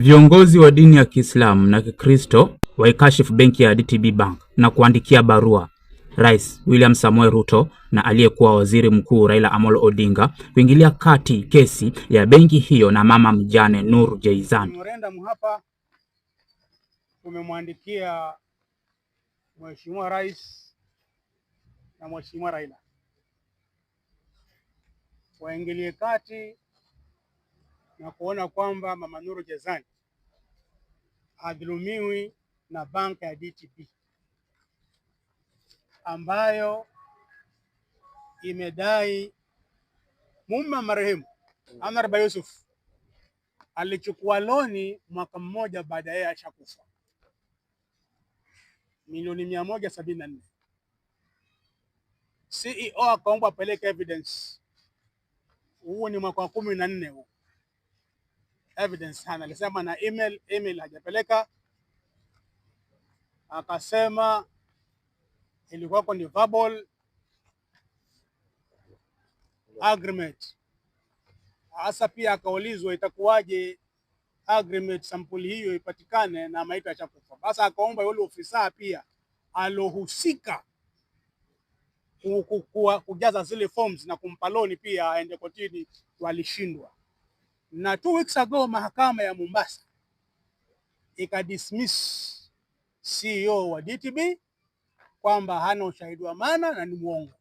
Viongozi wa dini ya Kiislamu na Kikristo waikashifu benki ya DTB Bank na kuandikia barua Rais William Samoei Ruto na aliyekuwa Waziri Mkuu Raila Amolo Odinga kuingilia kati kesi ya benki hiyo na mama mjane Nur Jeizan. Memorandum hapa tumemwandikia Mheshimiwa Rais na Mheshimiwa Raila waingilie kati na kuona kwamba mama Nur Jeizan hadhulumiwi na banka ya DTB ambayo imedai mume wa marehemu Amarba Yusuf alichukua loni mwaka mmoja baada yeye ashakufa milioni mia moja sabini na nne. CEO akaomba apeleke evidence. Huu ni mwaka wa kumi na nne huu evidence hana. Alisema na email, email hajapeleka. Akasema ilikuwako ni verbal agreement. Hasa pia akaulizwa itakuwaje agreement sampuli hiyo ipatikane na maiti ya chakufa. Basa akaomba yule ofisa pia alohusika kujaza zile forms na kumpa loni pia aende kotini, walishindwa na two weeks ago mahakama ya Mombasa dismiss CEO wa DTB kwamba hana ushahidi wa maana na ni mwongo.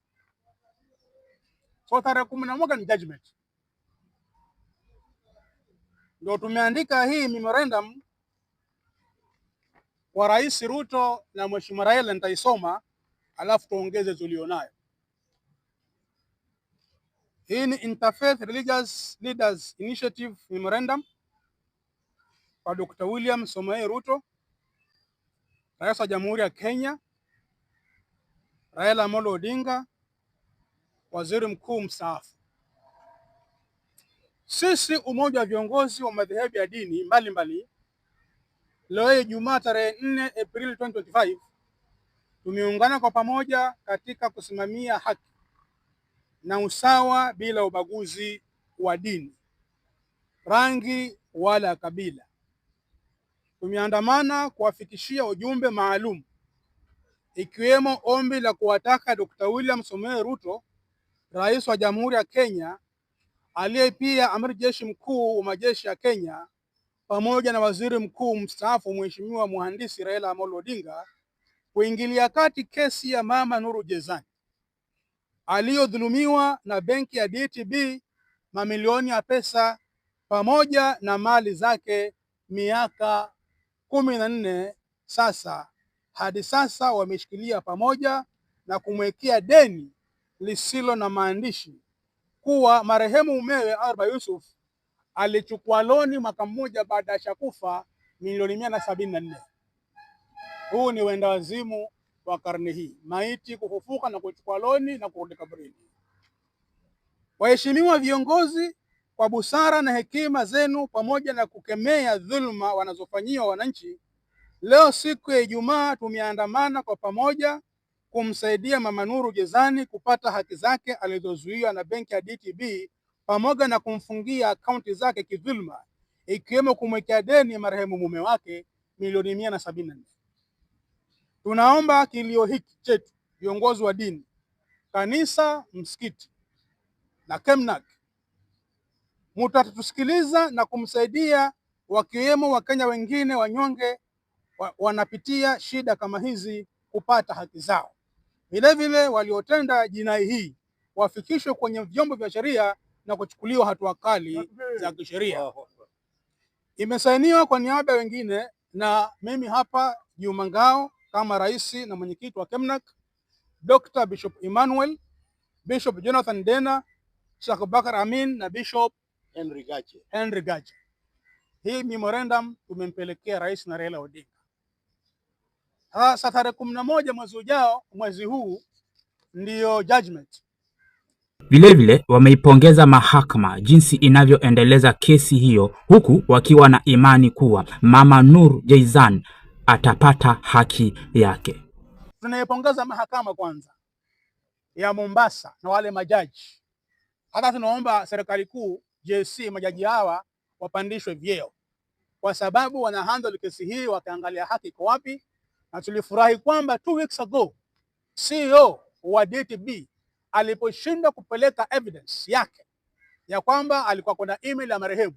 So tarehe kumi na moja ni judgment, ndio tumeandika hii memorandum kwa Rais Ruto na Mheshimiwa Raila, nitaisoma alafu tuongeze tulionayo. Hii ni Interfaith Religious Leaders Initiative Memorandum kwa Dr. William Somae Ruto, Rais wa Jamhuri ya Kenya, Raila Amolo Odinga, Waziri Mkuu mstaafu. Sisi umoja wa viongozi wa madhehebu ya dini mbalimbali, leo hii Ijumaa tarehe 4 Aprili 2025 tumeungana kwa pamoja katika kusimamia haki na usawa bila ubaguzi wa dini, rangi wala kabila. Tumeandamana kuwafikishia ujumbe maalum ikiwemo ombi la kuwataka Dr. William Samoei Ruto, Rais wa Jamhuri ya Kenya, aliye pia amiri jeshi mkuu wa majeshi ya Kenya, pamoja na waziri mkuu mstaafu Mheshimiwa Mhandisi Raila Amolo Odinga kuingilia kati kesi ya Mama Nuru Jezani aliyodhulumiwa na benki ya DTB mamilioni ya pesa pamoja na mali zake miaka kumi na nne sasa. Hadi sasa wameshikilia pamoja na kumwekea deni lisilo na maandishi kuwa marehemu mumewe Arba Yusuf alichukua loni mwaka mmoja baada ya shakufa milioni mia na sabini na nne. Huu ni wazimu wa karne hii, maiti kufufuka na kuchukua loni na kurudi kaburini. Waheshimiwa viongozi, kwa busara na hekima zenu, pamoja na kukemea dhulma wanazofanyiwa wananchi, leo siku ya Ijumaa tumeandamana kwa pamoja kumsaidia Mama Nuru Jezani kupata haki zake alizozuiwa na benki ya DTB pamoja na kumfungia akaunti zake kidhulma, ikiwemo kumwekea deni marehemu mume wake milioni mia na sabini na nne. Tunaomba kilio hiki chetu, viongozi wa dini, kanisa, msikiti na Kemnak, mutatusikiliza na kumsaidia, wakiwemo Wakenya wengine wanyonge wa, wanapitia shida kama hizi kupata haki zao. Vilevile waliotenda jinai hii wafikishwe kwenye vyombo vya sheria na kuchukuliwa hatua kali za kisheria. Imesainiwa kwa niaba wengine na mimi hapa Juma Ngao kama rais na mwenyekiti wa Kemnak, Dr. Bishop Emmanuel, Bishop Jonathan Dena, Sheikh Bakar Amin na Bishop Henry Gache. Henry Gache. Hii memorandum tumempelekea rais na Raila Odinga. Sasa tarehe kumi na moja mwezi ujao, mwezi huu ndiyo judgment. Vilevile wameipongeza mahakama jinsi inavyoendeleza kesi hiyo, huku wakiwa na imani kuwa Mama Nur Jaizan atapata haki yake. Tunaipongeza mahakama kwanza ya Mombasa na wale majaji. Hata tunaomba serikali kuu JSC, majaji hawa wapandishwe vyeo, kwa sababu wana handle kesi hii wakaangalia haki iko wapi, na tulifurahi kwamba two weeks ago CEO wa DTB aliposhindwa kupeleka evidence yake ya kwamba alikuwa kuna email ya marehemu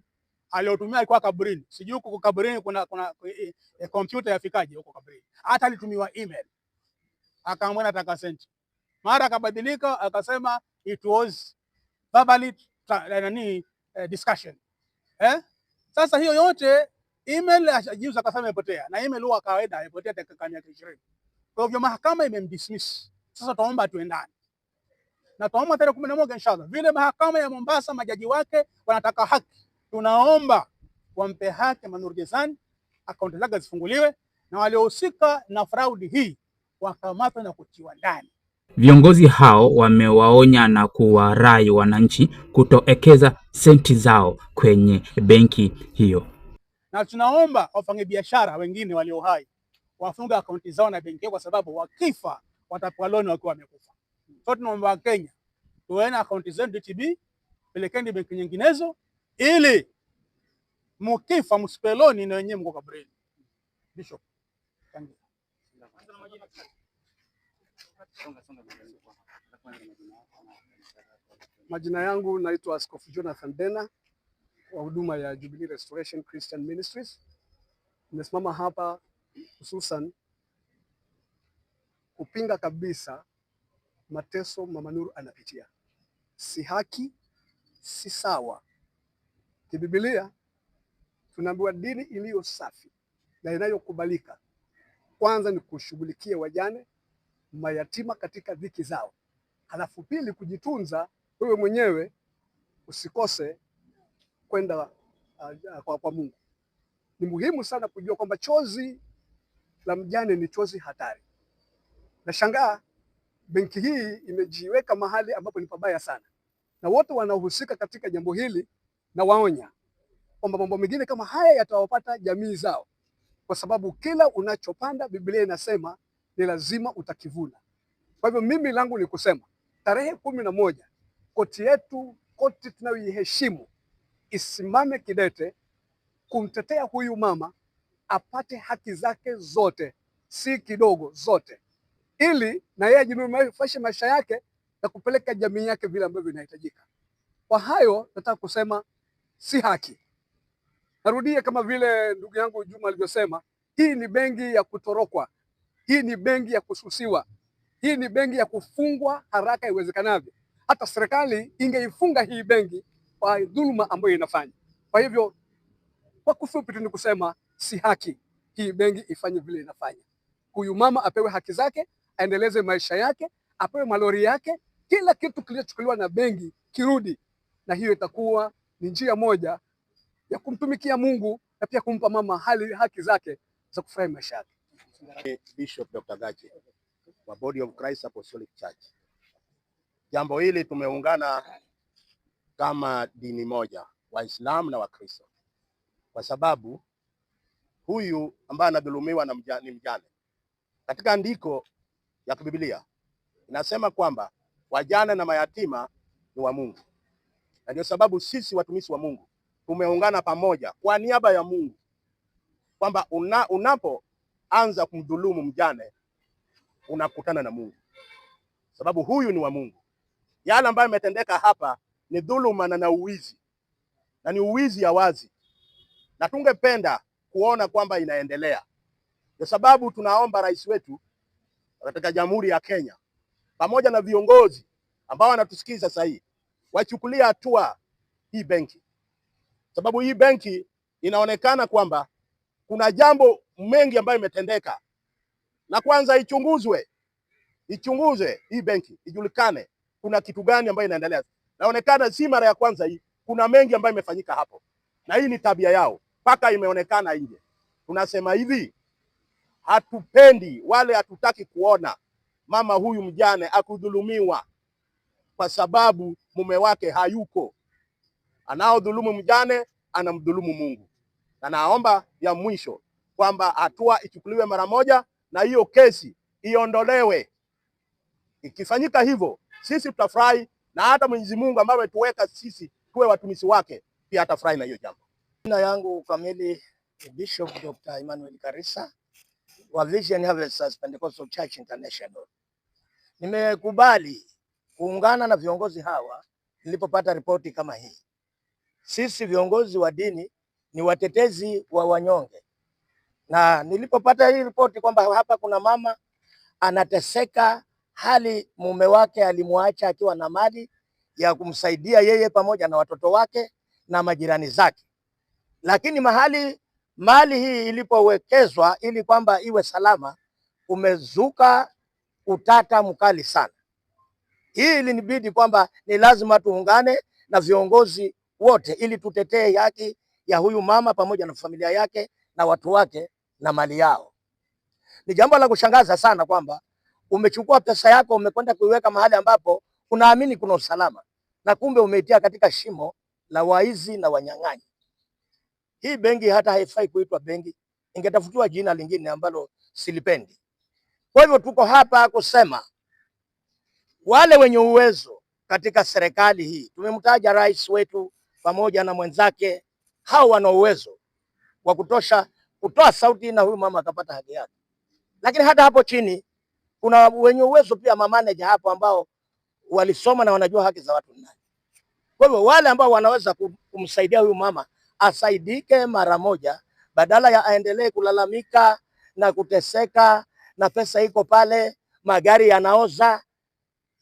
aliyotumia alikuwa kaburini. Sijui huko kaburini kuna kuna kompyuta e, e, yafikaje huko kaburini? Hata alitumiwa email akaamua nataka senti, mara akabadilika akasema it was verbally eh, nani eh, discussion eh. Sasa hiyo yote email ajiuza akasema imepotea, na email huwa kawaida imepotea dakika miaka 20. Kwa hivyo mahakama imemdismiss. Sasa tuomba tuendane na tuomba tarehe 11 inshallah, vile mahakama ya Mombasa majaji wake wanataka haki Tunaomba wampe haki Manur Jezani, akaunti zake zifunguliwe na waliohusika na fraudi hii wakamatwa na kutiwa ndani. Viongozi hao wamewaonya na kuwarai wananchi kutoekeza senti zao kwenye benki hiyo, na tunaomba wafanyabiashara wengine walio hai wafunge akaunti zao na benki hiyo, kwa sababu wakifa watapewa loni wakiwa wamekufa. So tunaomba Wakenya tuene akaunti zenu DTB, pelekeni benki nyinginezo ili mukifa msipeloni na wenyewe mko kabrini. Bishop Majina yangu naitwa Askofu Jonathan Dena wa huduma ya Jubilee Restoration Christian Ministries. Nimesimama hapa hususan kupinga kabisa mateso Mama Nuru anapitia. Si haki, si sawa Kibibilia tunaambiwa dini iliyo safi na inayokubalika kwanza ni kushughulikia wajane, mayatima katika dhiki zao, halafu pili kujitunza wewe mwenyewe usikose kwenda uh, kwa, kwa Mungu. Ni muhimu sana kujua kwamba chozi la mjane ni chozi hatari. Nashangaa benki hii imejiweka mahali ambapo ni pabaya sana, na wote wanaohusika katika jambo hili na waonya kwamba mambo mengine kama haya yatawapata jamii zao, kwa sababu kila unachopanda Biblia inasema ni lazima utakivuna. Kwa hivyo mimi langu ni kusema tarehe kumi na moja koti yetu, koti tunayoiheshimu isimame kidete kumtetea huyu mama apate haki zake zote, si kidogo, zote, ili na yeye ajinufaishe maisha yake na kupeleka jamii yake vile ambavyo inahitajika. Kwa hayo nataka kusema si haki. Narudia, kama vile ndugu yangu Juma alivyosema, hii ni benki ya kutorokwa, hii ni benki ya kususiwa, hii ni benki ya kufungwa haraka iwezekanavyo. Hata serikali ingeifunga hii benki kwa dhuluma ambayo inafanya. Kwa hivyo, kwa kufupi tu ni kusema si haki hii benki ifanye vile inafanya. Huyu mama apewe haki zake, aendeleze maisha yake, apewe malori yake, kila kitu kilichochukuliwa na benki kirudi, na hiyo itakuwa ni njia moja ya kumtumikia Mungu na pia kumpa mama hali haki zake za kufurahi maisha yake. Bishop Dr. Gache wa Body of Christ Apostolic Church. Jambo hili tumeungana kama dini moja, Waislamu na Wakristo, kwa sababu huyu ambaye anadhulumiwa na mjane, ni mjane. Katika andiko ya Biblia inasema kwamba wajane na mayatima ni wa Mungu. Na ndio sababu sisi watumishi wa Mungu tumeungana pamoja kwa niaba ya Mungu kwamba una, unapoanza kumdhulumu mjane unakutana na Mungu, sababu huyu ni wa Mungu. Yale ambayo imetendeka hapa ni dhuluma na na uwizi na ni uwizi ya wazi, na tungependa kuona kwamba inaendelea. kwa sababu tunaomba rais wetu katika Jamhuri ya Kenya pamoja na viongozi ambao wanatusikiza sasa hivi wachukulia hatua hii benki, sababu hii benki inaonekana kwamba kuna jambo mengi ambayo imetendeka, na kwanza ichunguzwe, ichunguzwe hii benki ijulikane kuna kitu gani ambayo inaendelea. Naonekana si mara ya kwanza hii, kuna mengi ambayo imefanyika hapo, na hii ni tabia yao mpaka imeonekana nje. Tunasema hivi, hatupendi wale, hatutaki kuona mama huyu mjane akudhulumiwa kwa sababu mume wake hayuko. Anaodhulumu mjane anamdhulumu Mungu, na naomba ya mwisho kwamba hatua ichukuliwe mara moja na hiyo kesi iondolewe. Ikifanyika hivyo, sisi tutafurahi na hata Mwenyezi Mungu ambaye ametuweka sisi tuwe watumishi wake pia atafurahi na hiyo jambo. Jina yangu kamili Bishop Dr. Emmanuel Karisa wa Vision Harvest Pentecostal Church International. Nimekubali kuungana na viongozi hawa nilipopata ripoti kama hii. Sisi viongozi wa dini ni watetezi wa wanyonge, na nilipopata hii ripoti kwamba hapa kuna mama anateseka, hali mume wake alimwacha akiwa na mali ya kumsaidia yeye pamoja na watoto wake na majirani zake, lakini mahali mali hii ilipowekezwa ili kwamba iwe salama, umezuka utata mkali sana. Hii ilinibidi kwamba ni lazima tuungane na viongozi wote ili tutetee haki ya huyu mama pamoja na familia yake na watu wake na mali yao. Ni jambo la kushangaza sana kwamba umechukua pesa yako umekwenda kuiweka mahali ambapo unaamini kuna usalama na kumbe umeitia katika shimo la waizi na wanyang'anyi. Hii benki hata haifai kuitwa benki, ingetafutiwa jina lingine ambalo silipendi. Kwa hivyo tuko hapa kusema wale wenye uwezo katika serikali hii. Tumemtaja rais wetu pamoja na mwenzake, hao wana uwezo wa kutosha kutoa sauti na huyu mama akapata haki yake. Lakini hata hapo chini kuna wenye uwezo pia mamaneja hapo ambao walisoma na wanajua haki za watu nani. Kwa hivyo wale ambao wanaweza kumsaidia huyu mama asaidike mara moja, badala ya aendelee kulalamika na kuteseka na pesa iko pale, magari yanaoza,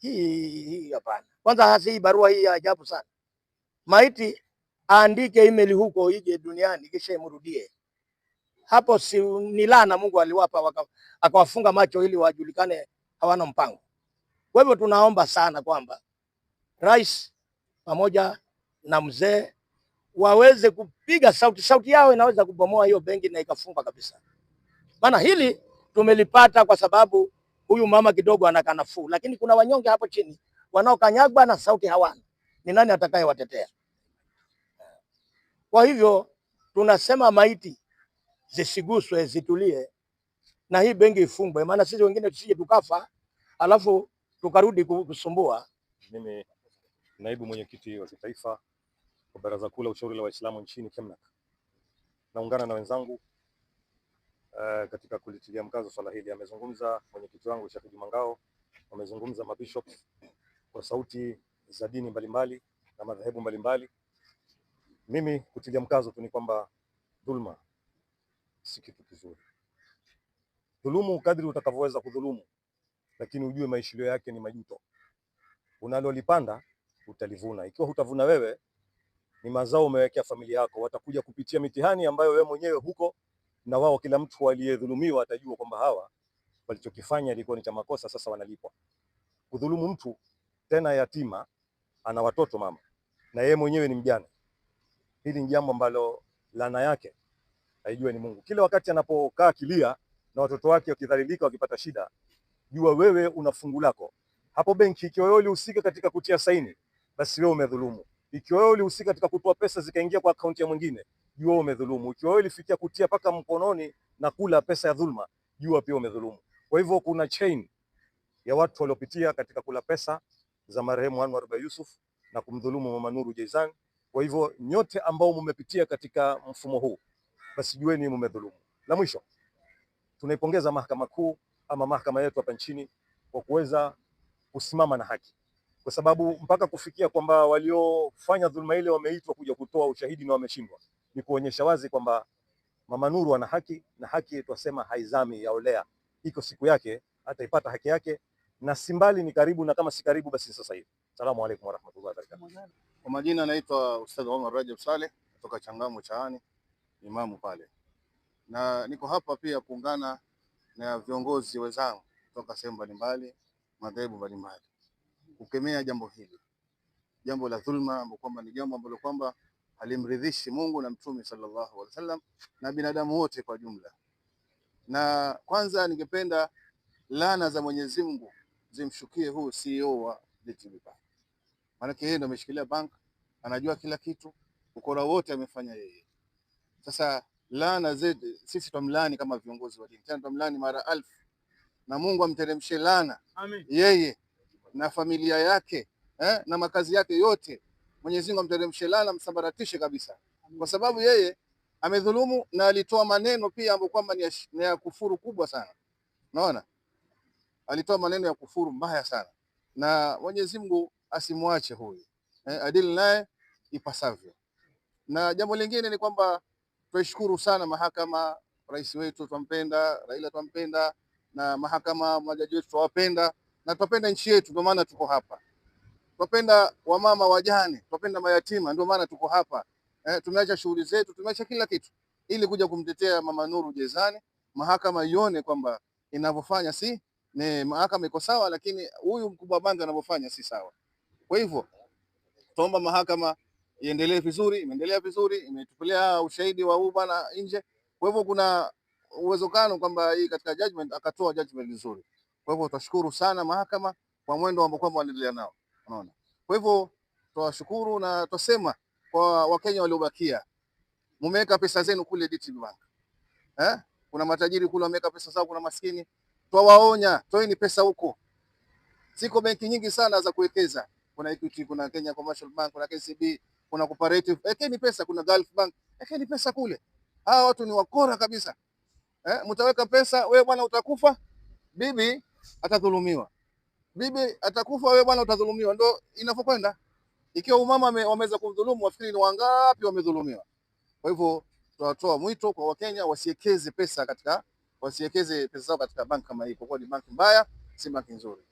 hii hapana. Kwanza hasi hii barua hii ya ajabu sana. Maiti aandike email huko ije duniani kisha imrudie hapo, si ni laana Mungu aliwapa akawafunga macho ili wajulikane hawana mpango. Kwa hivyo tunaomba sana kwamba rais pamoja na mzee waweze kupiga sauti, sauti yao inaweza kubomoa hiyo benki na ikafunga kabisa, maana hili tumelipata kwa sababu huyu mama kidogo anakaa nafuu, lakini kuna wanyonge hapo chini wanaokanyagwa na sauti hawana. Ni nani atakayewatetea? Kwa hivyo tunasema maiti zisiguswe, zitulie na hii benki ifungwe, maana sisi wengine tusije tukafa alafu tukarudi kusumbua. Mimi naibu mwenyekiti wa kitaifa wa Baraza Kuu la Ushauri la Waislamu nchini KEMNAK naungana na wenzangu Eh, katika kulitilia mkazo swala hili. Amezungumza mwenyekiti wangu Sheikh Juma Ngao, wamezungumza mabishops kwa sauti za dini mbalimbali na madhehebu mbalimbali. Mimi kutilia mkazo tu ni kwamba dhulma si kitu kizuri. Dhulumu kadri utakavyoweza kudhulumu, lakini ujue maishilio yake ni majuto. Unalolipanda utalivuna. Ikiwa hutavuna wewe, ni mazao umewekea familia yako, watakuja kupitia mitihani ambayo wewe mwenyewe huko na wao kila mtu aliyedhulumiwa atajua kwamba hawa walichokifanya ilikuwa ni cha makosa, sasa wanalipwa. Kudhulumu mtu tena yatima, ana watoto mama, na yeye mwenyewe ni mjane, hili ni jambo ambalo laana yake haijue ni Mungu. Kila wakati anapokaa kilia na watoto wake wakidhalilika, wakipata shida, jua wewe una fungu lako hapo benki. Ikiwa wewe ulihusika katika kutia saini, basi wewe umedhulumu. Ikiwa wewe ulihusika katika kutoa pesa zikaingia kwa akaunti ya mwingine jua umedhulumu. Ikiwa wewe ilifikia kutia paka mkononi na kula pesa ya dhulma, jua pia umedhulumu. Kwa hivyo kuna chain ya watu waliopitia katika kula pesa za marehemu Anwar Ba Yusuf na kumdhulumu Mama Nuru Jeizan. Kwa hivyo nyote ambao mmepitia katika mfumo huu, basi jueni mmedhulumu. La mwisho, tunaipongeza mahakama kuu ama mahakama yetu hapa nchini kwa kuweza kusimama na haki, kwa sababu mpaka kufikia kwamba waliofanya dhulma ile wameitwa kuja kutoa ushahidi na wameshindwa ni kuonyesha wazi kwamba Mama Nuru ana haki na haki twasema haizami yaolea, iko siku yake ataipata haki yake, na simbali ni karibu, na kama si karibu basi sasa hivi. Asalamu alaykum wa barakatuh. Kwa majina naitwa Ustaz Omar Rajab Saleh kutoka Changamwe Chaani, imamu pale, na niko hapa pia kuungana na viongozi wenzangu kutoka sehemu mbalimbali, madhehebu mbalimbali, kukemea jambo hili, jambo la dhulma, kwamba ni jambo ambalo kwamba halimridhishi Mungu na Mtume sallallahu alaihi wasallam na binadamu wote kwa jumla. Na kwanza ningependa laana za Mwenyezi Mungu zimshukie huu CEO wa DTB Bank, maanake yeye ndo ameshikilia bank, anajua kila kitu, ukora wote amefanya yeye. Sasa laana zetu sisi twamlaani kama viongozi wa dini, tena twamlaani mara alfu, na Mungu amteremshe laana Amen. yeye na familia yake eh, na makazi yake yote Mwenyezi Mungu amteremshe lala msambaratishe kabisa, kwa sababu yeye amedhulumu na alitoa maneno pia ambayo kwamba ni ya kufuru kubwa sana. Unaona, alitoa maneno ya kufuru mbaya sana, na Mwenyezi Mungu asimwache huyu eh, adili naye ipasavyo. Na jambo lingine ni kwamba tuishukuru sana mahakama, rais wetu twampenda, Raila twampenda, na mahakama majaji wetu twawapenda na twapenda nchi yetu, ndio maana tuko hapa. Twapenda wamama wajane, twapenda mayatima, ndio maana tuko hapa eh, tumeacha shughuli zetu, tumeacha kila kitu ili kuja kumtetea mama Nuru Jezani. Mahakama ione kwamba inavyofanya si ni mahakama iko sawa, lakini huyu mkubwa banda anavyofanya si sawa. Kwa hivyo tuomba mahakama iendelee vizuri, imeendelea vizuri, imetupelea ushahidi wa huyu bwana nje. Kwa hivyo kuna uwezekano kwamba hii katika judgment akatoa judgment nzuri. Kwa hivyo tutashukuru sana mahakama kwa mwendo ambao kwamba wanaendelea nao. Unaona, kwa hivyo twashukuru na twasema kwa wakenya waliobakia, mumeweka pesa zenu kule DTB Bank eh? Kuna matajiri kule wameweka pesa zao, kuna maskini. Twawaonya, toeni pesa huko. Ziko benki nyingi sana za kuwekeza, kuna Equity, kuna Kenya Commercial Bank, kuna KCB, kuna Cooperative. Ekeni pesa, kuna Gulf Bank, ekeni pesa kule. Hawa watu ni wakora kabisa eh? Mtaweka pesa, wewe bwana utakufa, bibi atadhulumiwa bibi atakufa, wewe bwana utadhulumiwa. Ndio inavyokwenda. Ikiwa umama wameweza kumdhulumu, wafikiri ni wangapi wamedhulumiwa? Kwa hivyo tunatoa mwito kwa Wakenya wasiekeze pesa katika wasiekeze pesa zao katika banki kama hii, kwa kuwa ni banki mbaya, si banki nzuri.